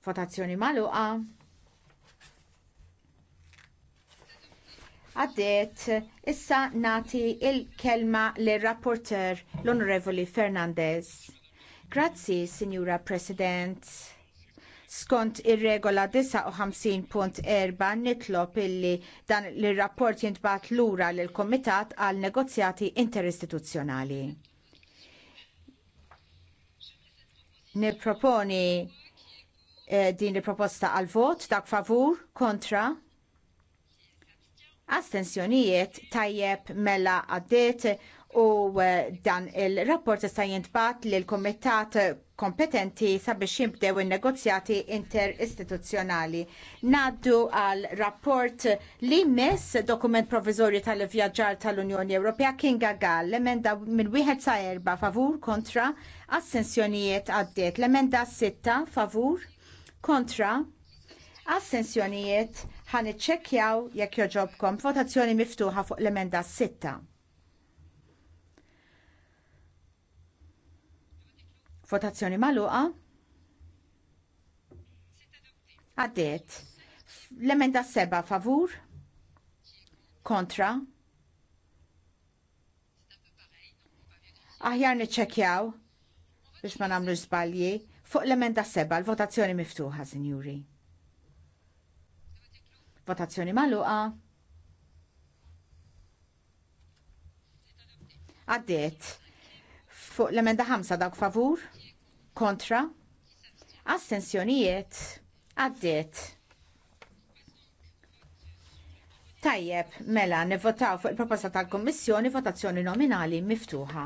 Votazzjoni magħluqa. għaddet issa nati il-kelma l rapporteur l-Onorevoli Fernandez. Grazzi, Signora President. Skont ir-regola 59.4 nitlob illi dan l-rapport jintbat lura lill komitat għal negozjati interistituzzjonali. Niproponi eh, din il proposta għal vot dak favur kontra astensjonijiet tajjeb mela għaddiet u eh, dan il-rapport jista' jintbat lill kumitat kompetenti sabiex jimbdew in-negozjati interistituzzjonali. Naddu għal rapport li mess dokument provizorju tal-vjaġġar tal-Unjoni Ewropea kien gagal l-emenda minn wieħed sa 4 favur kontra assenzjonijiet għaddiet. L-emenda sitta favur kontra assenzjonijiet ħan iċċekkjaw jekk joġobkom votazzjoni miftuħa fuq l-emenda 6. Votazzjoni maluqa. Għaddiet. L-emenda 7 favur. Kontra. Aħjar niċċekkjaw biex ma nagħmlux żbalji fuq l-emenda 7 l-votazzjoni miftuħa, sinjuri. Votazzjoni magħluqa. Għaddiet. Fuq l-emenda 5 dawk favur? Kontra? Astensjonijiet? Għaddiet. Tajjeb, mela, nivvotaw fuq il-proposta tal-Kommissjoni votazzjoni nominali miftuħa.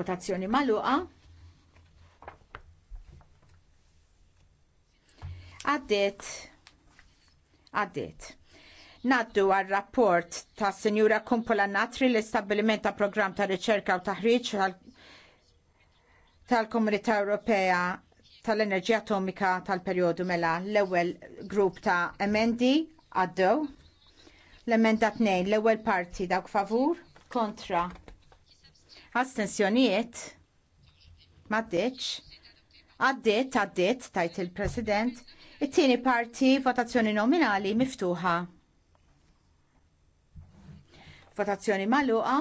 Votazzjoni maluqa. għaddiet Għaddit. Naddu għal rapport ta' Senjura Kumpola Natri l-istabbiliment ta' program ta' riċerka u taħriġ tal-Komunità Ewropea tal-Enerġija Atomika tal-perjodu mela l-ewwel grupp ta' emendi għaddew. L-emenda tnejn, l-ewwel parti dawk favur, kontra. Astensjonijiet? Maddeċ. Għaddiet, għaddiet, tajt il-President. It-tieni parti votazzjoni nominali miftuħa. Votazzjoni magħluqa.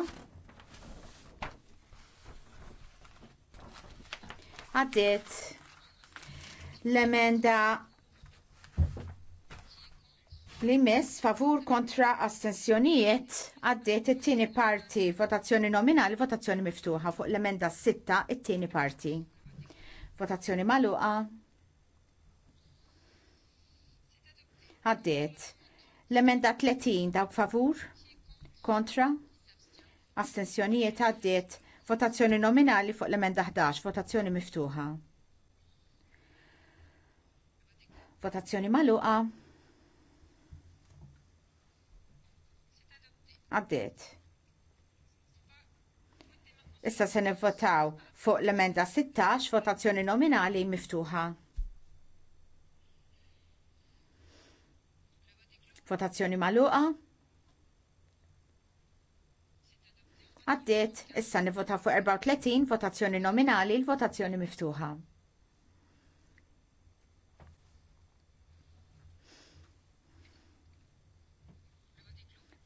Għaddiet l-emenda li mess favur kontra astensjonijiet għaddiet it-tieni parti votazzjoni nominali votazzjoni miftuħa fuq l-emenda 6 it-tieni parti. Votazzjoni magħluqa. għaddiet. L-emenda 30 dawk favur, kontra, astensjonijiet għaddiet. Votazzjoni nominali fuq l-emenda 11, votazzjoni miftuħa. Votazzjoni maluqa. Għaddiet. Issa se nivvotaw fuq l-emenda 16, votazzjoni nominali miftuħa. Votazzjoni maluqa. Għaddiet, issa nivvota fuq 34 votazzjoni nominali, l-votazzjoni miftuħa.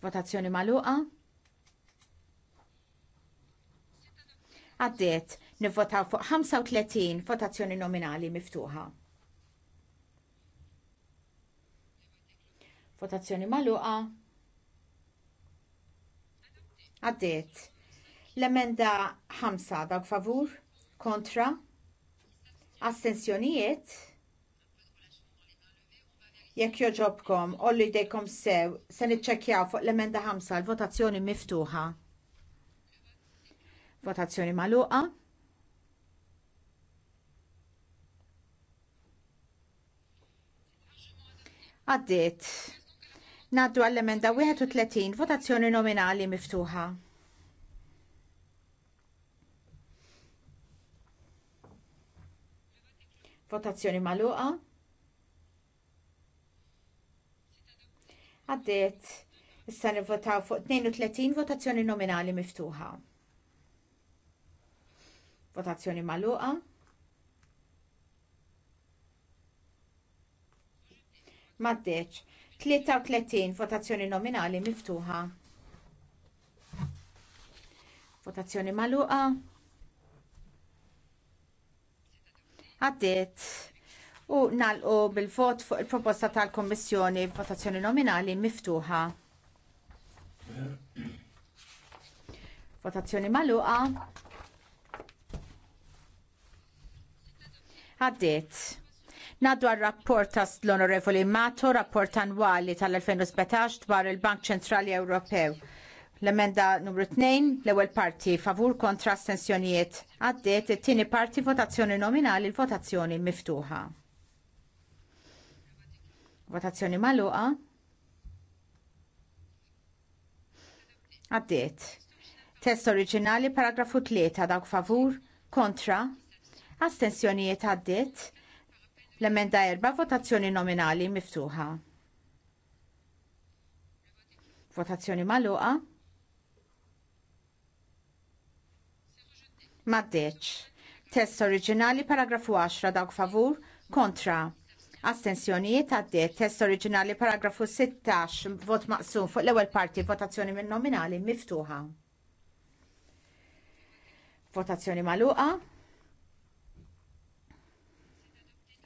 Votazzjoni maluqa. Għaddiet, nivvotaw fuq 35 votazzjoni nominali miftuħa. Votazzjoni magħluqa. Għaddiet. L-emenda 5 dawk favur kontra astensjonijiet jekk joġobkom olli jdejkom sew se niċċekkjaw fuq l-emenda 5 l-votazzjoni miftuħa. Votazzjoni magħluqa. Għaddiet. Naddu għall-emenda 31, votazzjoni nominali miftuħa. Votazzjoni maluqa. Għaddiet, issa nivvotaw fuq 32 votazzjoni nominali miftuħa. Votazzjoni maluqa. Maddeċ. 33 votazzjoni nominali miftuħa. Votazzjoni magħluqa. Għaddit. U nalqu bil-vot fuq il-proposta tal-Kommissjoni votazzjoni nominali miftuħa. Votazzjoni magħluqa. Għaddit. Naddu għal-rapport ta' l-Onorevoli Mato, rapport annwali tal-2017 dwar il-Bank Ċentrali Ewropew. L-emenda numru 2, l-ewel parti, favur kontra astensjonijiet. Għaddiet, it-tieni parti, votazzjoni nominali, votazzjoni miftuħa. Votazzjoni maluqa. Għaddiet. Test oriġinali, paragrafu 3, dawk favur, kontra, astensjonijiet għaddiet L-emenda erba votazzjoni nominali miftuħa. Votazzjoni maluqa. Maddeċ. Test oriġinali paragrafu 10 dawk favur kontra. Astensjonijiet għaddiet test oriġinali paragrafu 16 vot maqsum fuq l-ewwel parti votazzjoni minn nominali miftuħa. Votazzjoni maluqa.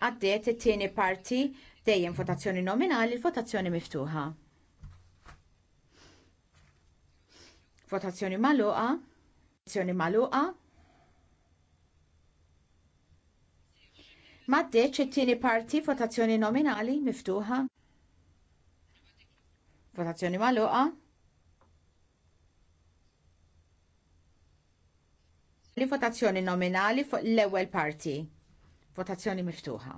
għaddiet it-tieni parti dejjem votazzjoni nominali, votazzjoni miftuħa. Votazzjoni magħluqa, votazzjoni magħluqa. Maddeċ it-tieni parti votazzjoni nominali miftuħa. Votazzjoni magħluqa. Li votazzjoni nominali fuq l-ewwel parti. Votazzjoni miftuħa.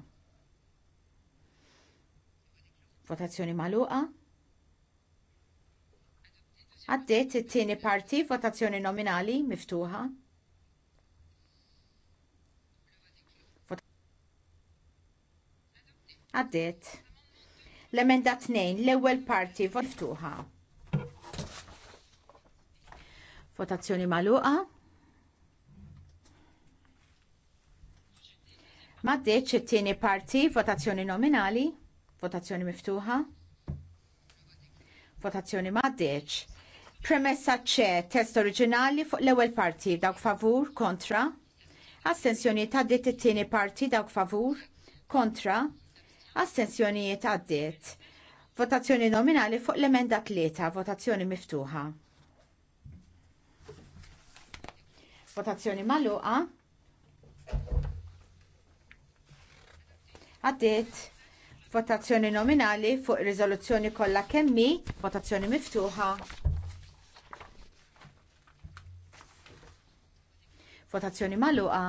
Votazzjoni maluqa. Għaddiet it-tieni parti votazzjoni nominali miftuħa. Għaddiet. L-emenda 2, l-ewwel parti miftuħa. Votazzjoni maluqa. Maddeċ it-tieni parti, votazzjoni nominali, votazzjoni miftuħa. Votazzjoni maddeċ. Premessa ċe, test oriġinali fuq l-ewwel parti, dawk favur, kontra. Astensjonijiet għaddiet it-tieni parti, dawk favur, kontra. Astensjonijiet għaddiet. Votazzjoni nominali fuq l-emenda tlieta, votazzjoni miftuħa. Votazzjoni magħluqa. għaddiet votazzjoni nominali fuq riżoluzzjoni kollha kemm hi, votazzjoni miftuħa. Votazzjoni magħluqa.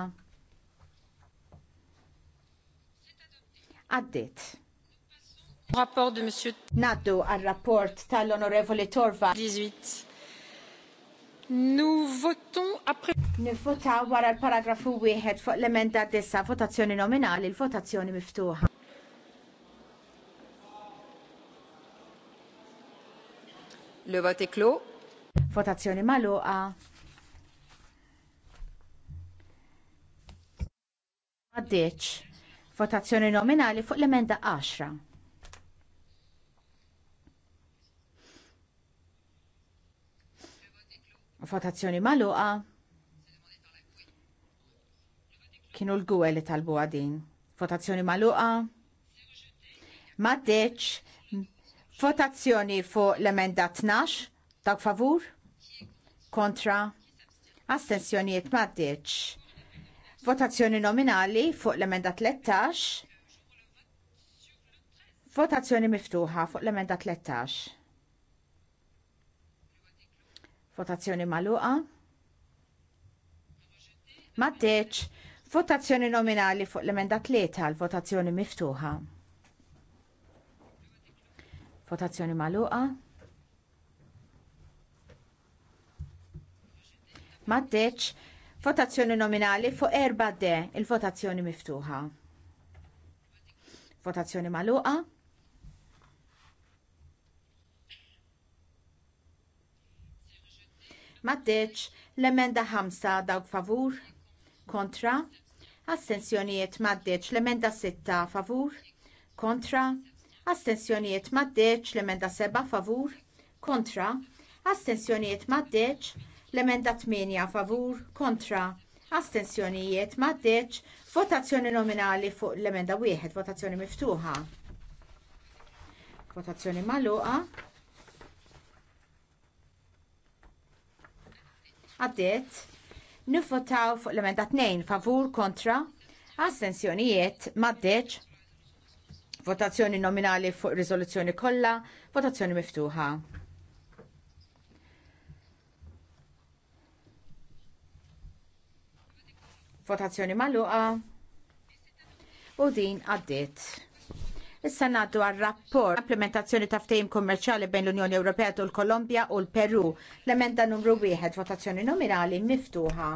Għaddiet. Rapport de Monsieur Naddu għal rapport tal-Onorevoli Torva. 18. Nifvotaw wara l-paragrafu wieħed fuq l-emenda dissa votazzjoni nominali, l-votazzjoni miftuħa. Le vote clos. Votazzjoni magħluqa. Għaddiċ. Votazzjoni nominali fuq l-emenda 10. Votazzjoni maluqa. Kienu l-gwe li talbu għadin. Votazzjoni maluqa. Maddeċ. Votazzjoni fuq l-emenda 12. Dak favur? Kontra? Astensjonijiet maddeċ. Votazzjoni nominali fuq l-emenda 13. Votazzjoni miftuħa fuq l-emenda 13. Votazzjoni maluqa. Maddeċ, votazzjoni nominali fuq l-emenda tlieta għal votazzjoni miftuħa. Votazzjoni maluqa. Maddeċ, votazzjoni nominali fuq erba' d il-votazzjoni miftuħa. Votazzjoni maluqa. Maddeċ l-emenda 5 dawk favur kontra astensjonijiet maddeċ l-emenda 6 favur kontra astensjonijiet maddeċ l-emenda 7 favur kontra astensjonijiet maddeċ l-emenda 8 favur kontra astensjonijiet maddeċ votazzjoni nominali fuq l-emenda 1 votazzjoni miftuħa votazzjoni magħluqa għaddiet nifvotaw fuq l-emenda 2 favur kontra astensjonijiet maddeċ votazzjoni nominali fuq riżoluzzjoni kollha, votazzjoni miftuħa. Votazzjoni magħluqa u din għaddiet. Issa ngħaddu għar-rapport implementazzjoni ta' ftehim kummerċjali bejn l-Unjoni Ewropea u l-Kolombja u l-Peru. L-emenda numru wieħed votazzjoni nominali miftuħa.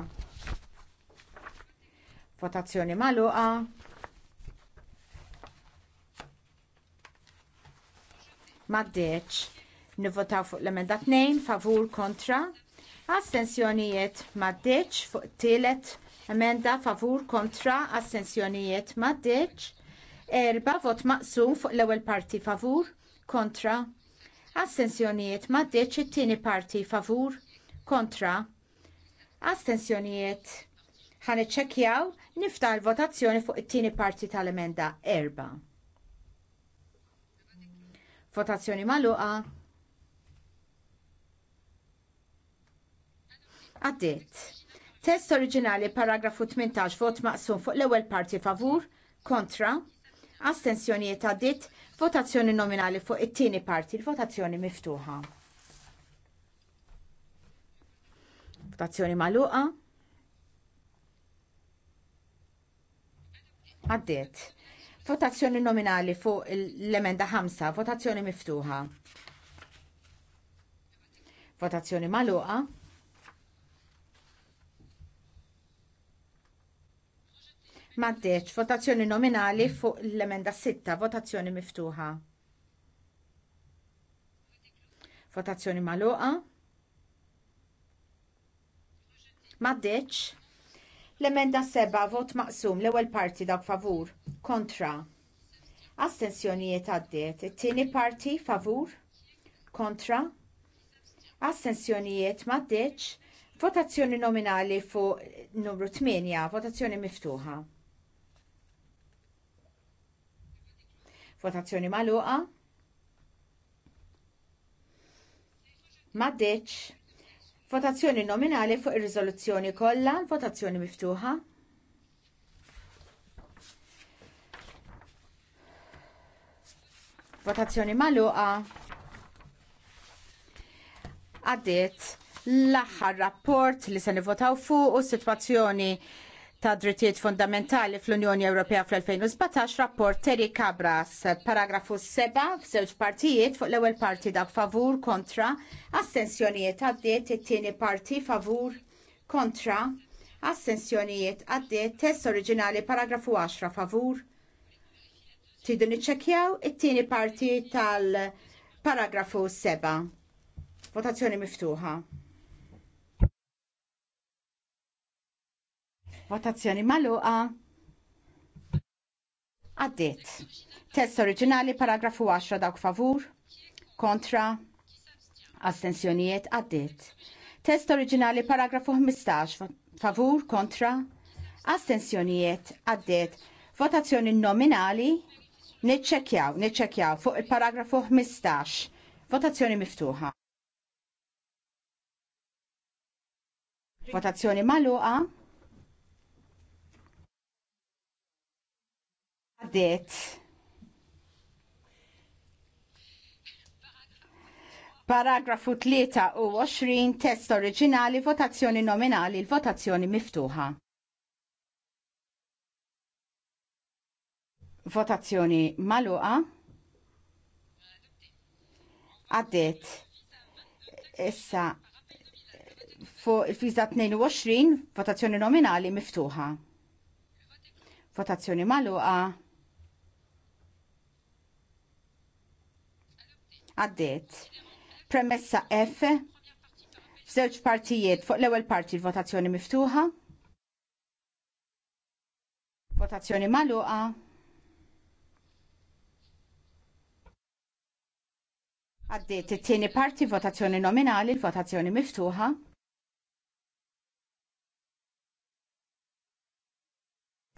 Votazzjoni magħluqa. Maddeċ. Nivvotaw fuq l-emenda 2 favur kontra. Astensjonijiet maddeċ fuq tielet emenda favur kontra astensjonijiet maddeċ erba vot maqsum fuq l-ewwel parti favur kontra astensjonijiet m'għaddiex it-tieni parti favur kontra astensjonijiet ħan iċċekkjaw niftar votazzjoni fuq it-tieni parti tal-emenda erba. Votazzjoni magħluqa. Għaddiet. Test oriġinali paragrafu 18 vot maqsum fuq l-ewwel parti favur, kontra, astensjonijiet ditt, votazzjoni nominali fuq it-tieni parti, il-votazzjoni miftuħa. Votazzjoni magħluqa. Għaddiet. Votazzjoni nominali fuq l-emenda 5, votazzjoni miftuħa. Votazzjoni magħluqa. Maddeċ, votazzjoni nominali fuq l-emenda 6, votazzjoni miftuħa. Votazzjoni maluqa. Maddeċ, l-emenda 7, vot maqsum, l-ewel parti dawk favur, kontra. Astensjonijiet għaddiet, it-tieni parti favur, kontra. Astensjonijiet maddeċ, votazzjoni nominali fuq numru 8, votazzjoni miftuħa. Votazzjoni maluqa. Maddeċ. Votazzjoni nominali fuq ir-riżoluzzjoni kollha, votazzjoni miftuħa. Votazzjoni maluqa. Għaddiet l-aħħar rapport li se nivvotaw fuq u situazzjoni sitwazzjoni ta' drittijiet fundamentali fl-Unjoni Ewropea fl-2017 rapport Terry Cabras, paragrafu 7 f'żewġ partijiet fuq l-ewwel parti da' favur kontra, assenzjonijiet għaddiet it-tieni parti favur kontra, assenzjonijiet għaddiet test oriġinali paragrafu 10 favur. Tridu niċċekkjaw it-tieni parti tal-paragrafu 7. Votazzjoni miftuħa. Votazzjoni maluqa. Għaddit. Test oriġinali paragrafu 10 dawk favur. Kontra. Astensjonijiet għaddit. Test oriġinali paragrafu 15 favur kontra. Astensjonijiet għaddit. Votazzjoni nominali. Niċċekjaw, niċċekjaw fuq il-paragrafu 15. Votazzjoni miftuħa. Votazzjoni maluqa. Għadet. Paragrafu 23 test oriġinali votazzjoni nominali l-votazzjoni miftuħa. Votazzjoni maluqa. Għadet. Issa fuq il-fiża 22 votazzjoni nominali miftuħa. Votazzjoni maluqa. għaddiet. Premessa F f'żewġ partijiet fuq l-ewwel parti l-votazzjoni miftuħa. Votazzjoni magħluqa. Għaddiet it-tieni parti votazzjoni nominali, l-votazzjoni miftuħa.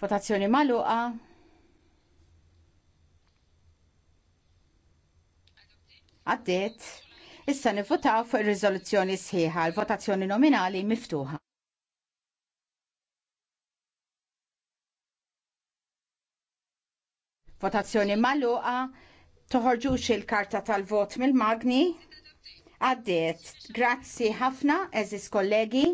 Votazzjoni magħluqa. għaddiet. Issa nivvotaw fuq ir-riżoluzzjoni sħiħa, l-votazzjoni nominali miftuħa. Votazzjoni magħluqa, toħorġux il-karta tal-vot mill-magni. Għaddiet. Grazzi ħafna, eżis kollegi.